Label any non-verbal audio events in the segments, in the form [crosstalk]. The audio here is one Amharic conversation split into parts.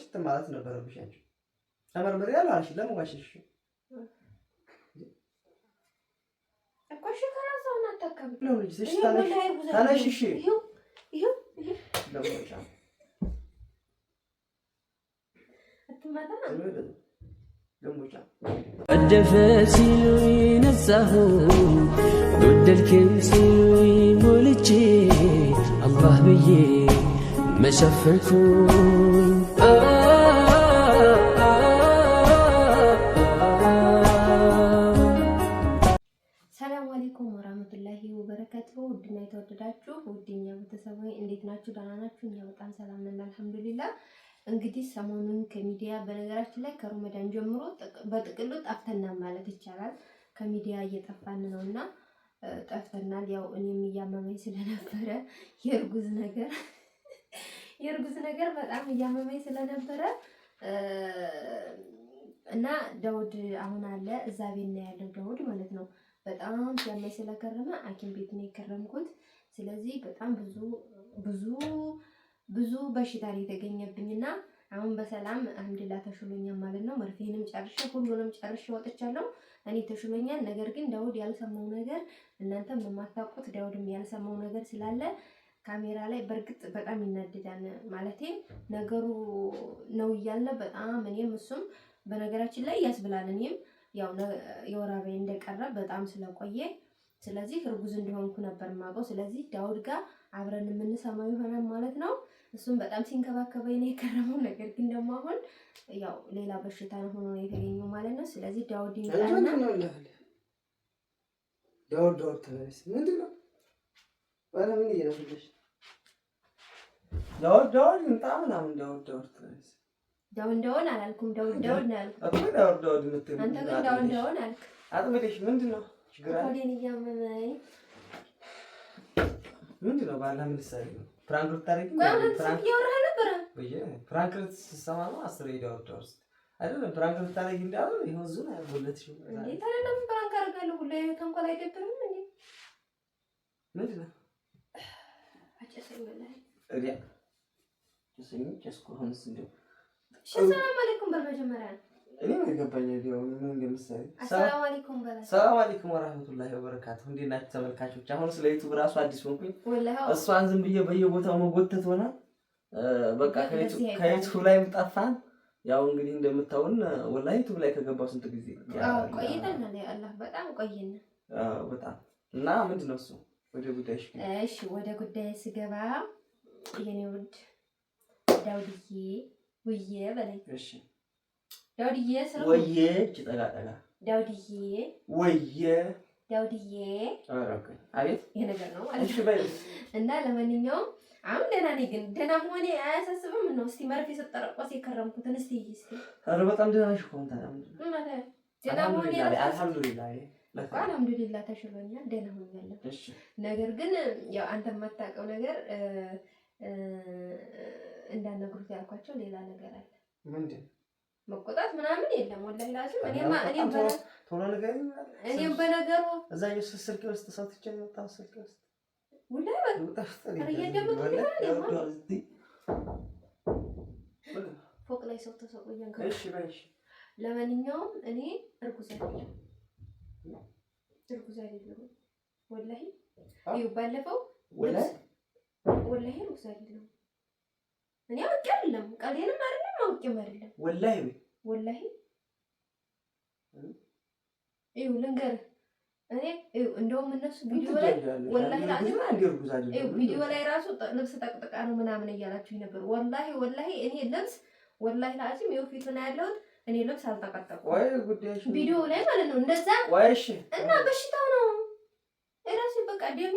ብለሽ ማለት ነበረብሽ። አንቺ ተመርምሬ ያለው አልሽ። ለምን ዋሸሽ? ቀደፈ ሲሉኝ ነጻሁ ጎደልክም ሲሉ ሞልቼ አላህ ብዬ መሸፈንኩ ውድና የተወደዳችሁ ውድኛ ቤተሰብ እንዴት ናችሁ? ደህና ናችሁ? እኛ በጣም ሰላም ነን አልሐምዱሊላ። እንግዲህ ሰሞኑን ከሚዲያ በነገራችን ላይ ከሮመዳን ጀምሮ በጥቅሉ ጠፍተና ማለት ይቻላል ከሚዲያ እየጠፋን ነው እና ጠፍተናል። ያው እኔም እያመመኝ ስለነበረ የእርጉዝ ነገር [laughs] የእርጉዝ ነገር በጣም እያመመኝ ስለነበረ እና ዳውድ አሁን አለ እዛ ቤት ነው ያለው ዳውድ ማለት ነው በጣም ሲያመኝ ስለከረመ ሐኪም ቤት ነው የከረምኩት። ስለዚህ በጣም ብዙ ብዙ ብዙ በሽታ ነው የተገኘብኝና አሁን በሰላም አልሐምዱሊላህ ተሽሎኛል ማለት ነው። መርፌንም ጨርሼ ሁሉንም ጨርሼ ወጥቻለሁ። እኔ ተሽሎኛል። ነገር ግን ዳውድ ያልሰማው ነገር እናንተም የማታውቁት ዳውድም ያልሰማው ነገር ስላለ ካሜራ ላይ በእርግጥ በጣም ይናደዳል። ማለቴ ነገሩ ነው እያለ በጣም እኔም እሱም በነገራችን ላይ ያስብላል እኔም ያው የወር አበባዬ እንደቀረ በጣም ስለቆየ ስለዚህ እርጉዝ እንደሆንኩ ነበር የማውቀው። ስለዚህ ዳውድ ጋር አብረን የምንሰማው ይሆናል ማለት ነው። እሱም በጣም ሲንከባከበኝ ነው የከረመው። ነገር ግን ደግሞ አሁን ያው ሌላ በሽታ ሆኖ ነው የተገኘው ማለት ነው። ስለዚህ ዳውድ ይመጣልና ዳውድ ዳውድ ተበለስ ምንድን ነው ባለ ምን ዳውድ ዳውድ ምጣ ምናምን ዳውድ ዳውድ ተበለስ ደውን ደውን አላልኩም። ደውን ደውን አልኩ። አንተ ግን ደውን ደውን አልክ። አጥምደሽ ምንድን ነው ችግር አለ? ሆዴን እያመመኝ ምንድን ነው? ባላ ምን ልትሰሪ ነው? ፕራንክ ልታረጊ እያወራህ ነበረ። ፕራንክ ልትሰማ ነው? አስር ሄዳወር ደርስ አይደለም ፕራንክ ልታረጊ እንዳሉ ይኸው ዙን አያጎለትሽ። እንዴት አይደለም ፕራንክ አደርጋለሁ። ሁላ ተንኮል አይደብርም እንዴ? ምንድን ነው አጨሰኝ በላይ እዲያ ጨሰኝ ጨስኩ ሆንስ እንዲሁ ሰላም አለይኩም በል መጀመሪያ። እኔ የገባኝ ወራህመቱላሂ ወበረካቱሁ። እንዴት ናችሁ ተመልካቾች? አሁን ስለ ዩቱብ ራሱ አዲስ ሆንኩኝ። እሷን ዝም ብዬ በየቦታው መጎተት ሆነ። በቃ ከዩቱብ ላይም ጠፋን። ያው እንግዲህ እንደምታውን ወላሂ ዩቱብ ላይ ከገባው ስንት ጊዜ በጣም ቆይና በጣም እና ምንድን ነው እሱ ወደ ጉዳይ እሺ፣ ወደ ጉዳይ ስገባ የኔ ውድ ዳውድዬ ውዬ በለኝ። እሺ ዳውድዬ ስለ ወዬ እች ጠጋ ዳውድዬ ወዬ ዳውድዬ አቤት ይሄ ነገር ነው ማለት ነው። እና ለማንኛውም አሁን ደህና ነኝ፣ ግን ደህና መሆኔ አያሳስብም። ነው እስቲ መርፌ ስጠረቆስ የከረምኩትን እስቲ እስቲ አረ በጣም ደህና ነሽ እኮ እንታ አልሐምዱሊላህ አልሐምዱሊላህ ተሽሎኛል፣ ደህና ሆኛለሁ። ነገር ግን ያው አንተ የማታውቀው ነገር እንዳነግሩት ያልኳቸው ሌላ ነገር አለ። ምንድን መቆጣት ምናምን የለም። ወላሂ ላዝም እኔም በነገሩ እዛ ስልክ ውስጥ ሰው ትችል መጣ ስልክ ውስጥ ፎቅ ላይ ሰው ተሰቆየን። ለማንኛውም እኔ እርጉዝ አይደለሁም፣ እርጉዝ አይደለሁም። ወላሂ ባለፈው ወላሂ እርጉዝ አይደለሁም እኔ አውቄ አይደለም ቃሌንም አይደለም አውቄም አይደለም። ወላሂ ወላሂ እኔ እንደውም እነሱ ቪዲዮ ላይ ወላሂ ቪዲዮ ላይ ራሱ ልብስ ጠቅጥቃ ነው ምናምን እያላችሁ ነበር። ወላሂ ወላሂ እኔ ልብስ ወላሂ ላዚም ይኸው ነው ያለሁት እኔ ልብስ አልጠቀጠቁም ቪዲዮ ላይ ማለት ነው እንደዛ እና በሽታው ነው ደሜ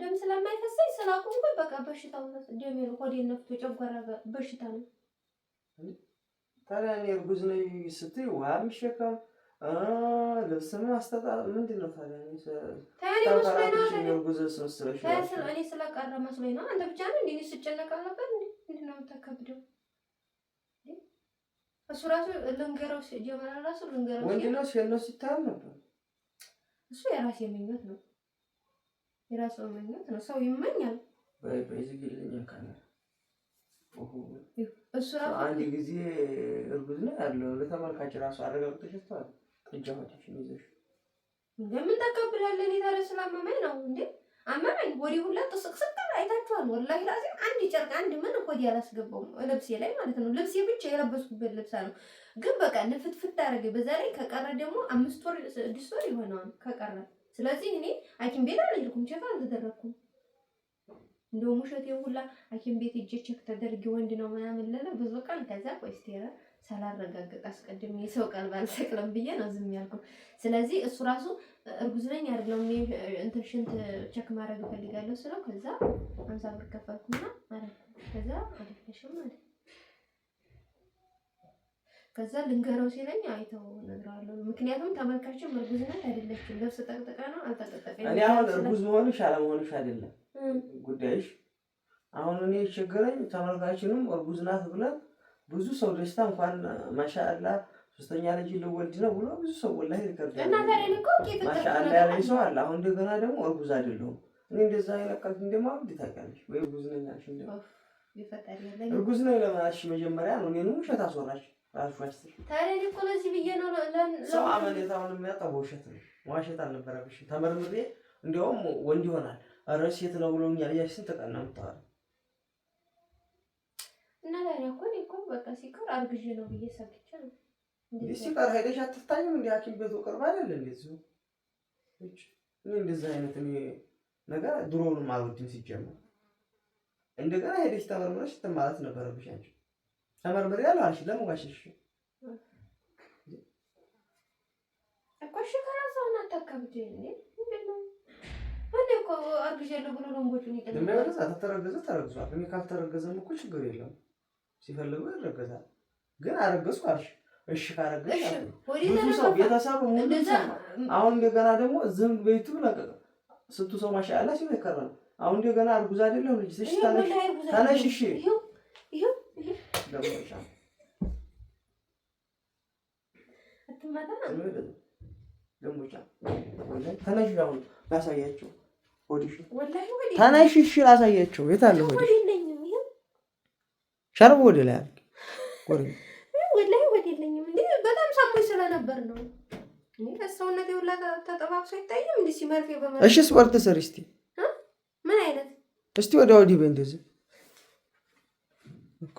ደም ስለማይፈሰኝ ኮይ በቃ በሽታው ደሜ ነው። ሆዴ ነፍቶ ጨጓራ በሽታ ነው። ታዲያ እኔ እርጉዝ ነኝ ስትይ ውሃ የሚሸከም ልብስ ምን አስተጣ ምንድን ነው ታዲያ? እርጉዝ ስመስለሽ እኔ ስለቀረ መስሎኝ ነው። አንተ ብቻ ነው እንዲ ስጨነቅ አልነበር? ምንድን ነው የምታከብደው? እሱ ራሱ ልንገረው ጀመረ። ራሱ ልንገረው ወንድ ነው ነበር። እሱ የራሴ ምኞት ነው የራሱ ምኞት ነው። ሰው ይመኛል። እሱ አንድ ጊዜ እርጉዝ ነው ያለው ለተመልካች ራሱ አረጋግጦሽ ተዋል ጥጃ ሆቴሽን ይዘሽ እንደምን ተቀብላለን። የታረ ስላመመኝ ነው እንዴ አመመኝ። ወዲ ሁላ ጥስቅስቅ አይታችኋል። ወላሂ ላዚም አንድ ጨርቅ አንድ ምን ኮዲ አላስገባውም ልብሴ ላይ ማለት ነው። ልብሴ ብቻ የለበስኩበት ልብስ ነው፣ ግን በቃ ንፍትፍት አደረገ። በዛ ላይ ከቀረ ደግሞ አምስት ወር ስድስት ወር ይሆነዋል ከቀረ ስለዚህ እኔ ሐኪም ቤት አልሄድኩም፣ ቼክ አልተደረኩም። እንደውም ውሸቴ ሁላ ሐኪም ቤት ሂጅ ቼክ ተደርጊ ወንድ ነው ምናምን ለለ ብዙ ቀን ከዛ ቆይ እስኪ ሳላረጋግጥ አስቀድሜ የሰው ቃል ባልሰቅልም ብዬ ነው ዝም ያልኩት። ስለዚህ እሱ ራሱ እርጉዝ ነኝ አይደለም እንትን ሽንት ቼክ ማድረግ እፈልጋለሁ ስለው ከዛ አምሳ ብር ከፈልኩና አረኩ። ከዛ አለፈሽም ማለት ነው። ከዛ ልንገረው ሲለኝ አይተው እነግረዋለሁ። ምክንያቱም ተመልካችም እርጉዝነት አይደለችም፣ ለብስ ጠቅጥቃ ነው አልጠቀጠቀኝ። እኔ አሁን እርጉዝ መሆንሽ አለመሆንሽ አይደለም ጉዳይሽ። አሁን እኔ ችግረኝ ተመልካችንም እርጉዝ ናት ብለን ብዙ ሰው ደስታ እንኳን ማሻአላ ሶስተኛ ልጅ ልወልድ ነው ብሎ ብዙ ሰው ወላሂ ይከብዳል። ማሻአላ ያለኝ ሰው አለ። አሁን እንደገና ደግሞ እርጉዝ አይደለሁም እኔ እንደዛ የለቀልት እንደማ እንዴት ታውቂያለሽ ወይ እርጉዝ ነኝ አልሽ? እርጉዝ ነኝ ለምን መጀመሪያ ነው እኔንም ውሸት አስወራሽ። ታዲያ እኮ ለዚህ ብዬ ነው። ሰው አመኔታውን የሚያጣው በውሸት ነው። ዋሸት አልነበረብሽ። ተመርምሬ እንዲያውም ወንድ ይሆናል ኧረ ሴት ነው ብሎኛል እያልሽ ስንት ቀን እና ታዲያ እኮ እኔ እኮ በቃ ሲቀር አርግዤ ነው ብዬ ሰምቼ ነው። ሲቀር ሄደሽ አትታይም? እንደ ሐኪም ቤቱ ቅርብ አይደል? እንደዚሁ እኔ እንደዚህ አይነት እኔ ነገር ድሮውንም አልወድም ሲጀመር። እንደገና ሄደሽ ተመርምረሽ እንትን ማለት ነበረብሽ አንቺ ተመርምሪ ያለው አልሽ። ለምን ዋሽሽ? እኮ እሺ አታከብድ እንዴ? እኮ አርግዣለሁ ብሎ ለንጎቹን ይጠልማለስ። ተረገዘ ተረግዟል። እኔ ካልተረገዘም እኮ ችግር የለም ሲፈልጉ ይረገዛል። ግን አረገዝኩ አልሽ። እሺ ካረገዝሽ ብዙ ሰው ቤተሰብ ሙሉ አሁን እንደገና ደግሞ ዝም ቤቱ ለቀቀ ስንቱ ሰው ማሻአላ ሲሆን አሁን እንደገና እርጉዝ አይደለም ልጅ ተነሽ፣ ተነሽ እሺ ስለሞሻል ለሞሻል ተነሽ፣ አሁን ላሳያቸው። የት አለ ሆድሽ? ሸርብ ወደ ላይ አድርግ። ወላሂ ወደ የለኝም። እንደ በጣም ሳሞኝ ስለነበር ነው። ሰውነት የሁላ ተጠባብሶ አይታይም። እንደ ሲመርፌ በመርፌ እሺ፣ ስፖርት ስሪ እስኪ። ምን አይነት እስቲ ወደ ወዲህ በይ እኮ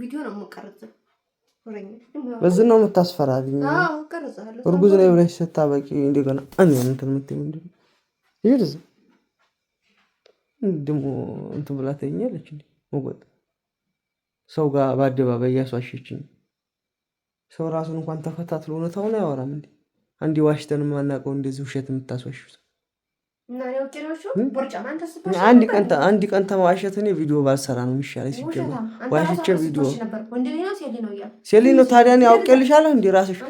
ቪዲዮ ነው የምቀርጸው። በዚህ ነው የምታስፈራሪኝ? እርጉዝ ላይ ብለሽ ስታበቂ እንደገና እኔ እንትን የምትይው ምንድን ነው? ይርዝ እዚህ ደግሞ እንትን ብላ ተኛለች። መጎጥ ሰው ጋር በአደባባይ እያስዋሸችኝ ሰው ራሱን እንኳን ተከታትሎ እውነታውን አያወራም። እንዲ አንዴ ዋሽተን የማናውቀው እንደዚህ ውሸት የምታስዋሹት አንድ ቀን ተማዋሸት እኔ ቪዲዮ ባልሰራ ነው የሚሻለኝ። ሲጀመር ዋሽቼ ቪዲዮ ሴሊ ነው ታዲያ። እኔ አውቄልሻለሁ እንዲ ራስሽ